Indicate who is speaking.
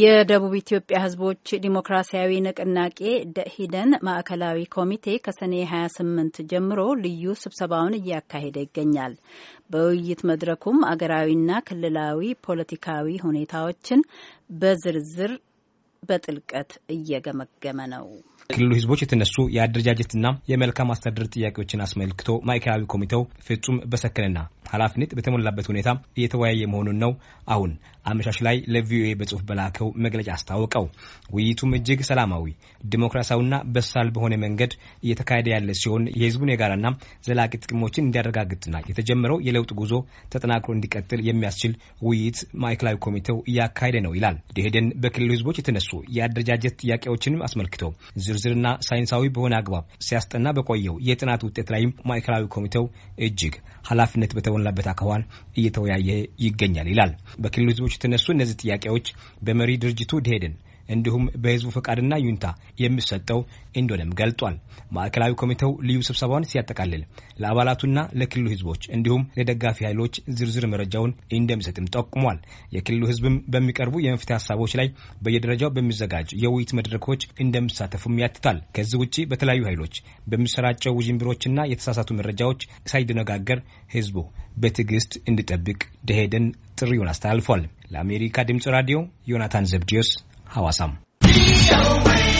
Speaker 1: የደቡብ ኢትዮጵያ ሕዝቦች ዲሞክራሲያዊ ንቅናቄ ደኢህዴን ማዕከላዊ ኮሚቴ ከሰኔ 28 ጀምሮ ልዩ ስብሰባውን እያካሄደ ይገኛል። በውይይት መድረኩም አገራዊና ክልላዊ ፖለቲካዊ ሁኔታዎችን በዝርዝር በጥልቀት እየገመገመ ነው።
Speaker 2: ክልሉ ህዝቦች የተነሱ የአደረጃጀትና የመልካም አስተዳደር ጥያቄዎችን አስመልክቶ ማዕከላዊ ኮሚቴው ፍጹም በሰከነና ኃላፊነት በተሞላበት ሁኔታ እየተወያየ መሆኑን ነው አሁን አመሻሽ ላይ ለቪኦኤ በጽሁፍ በላከው መግለጫ አስታወቀው። ውይይቱም እጅግ ሰላማዊ፣ ዲሞክራሲያዊና በሳል በሆነ መንገድ እየተካሄደ ያለ ሲሆን የህዝቡን የጋራና ዘላቂ ጥቅሞችን እንዲያረጋግጥና የተጀመረው የለውጥ ጉዞ ተጠናክሮ እንዲቀጥል የሚያስችል ውይይት ማዕከላዊ ኮሚቴው እያካሄደ ነው ይላል። ደኢህዴን በክልሉ ህዝቦች የተነሱ የአደረጃጀት ጥያቄዎችንም አስመልክቶ ዝርዝርና ሳይንሳዊ በሆነ አግባብ ሲያስጠና በቆየው የጥናት ውጤት ላይም ማዕከላዊ ኮሚቴው እጅግ ኃላፊነት በተሆነ የተሞላበት አካኋን እየተወያየ ይገኛል ይላል። በክልሉ ህዝቦች የተነሱ እነዚህ ጥያቄዎች በመሪ ድርጅቱ ድሄድን እንዲሁም በህዝቡ ፈቃድና ዩንታ የሚሰጠው እንደሆነም ገልጧል። ማዕከላዊ ኮሚቴው ልዩ ስብሰባውን ሲያጠቃልል ለአባላቱና ለክልሉ ህዝቦች እንዲሁም ለደጋፊ ኃይሎች ዝርዝር መረጃውን እንደሚሰጥም ጠቁሟል። የክልሉ ህዝብም በሚቀርቡ የመፍትሄ ሀሳቦች ላይ በየደረጃው በሚዘጋጅ የውይይት መድረኮች እንደሚሳተፉም ያትታል። ከዚህ ውጭ በተለያዩ ኃይሎች በሚሰራጨው ውዥንብሮችና የተሳሳቱ መረጃዎች ሳይደነጋገር ህዝቡ በትዕግስት እንዲጠብቅ ደሄደን ጥሪውን አስተላልፏል። ለአሜሪካ ድምፅ ራዲዮ ዮናታን ዘብዲዮስ 阿华心。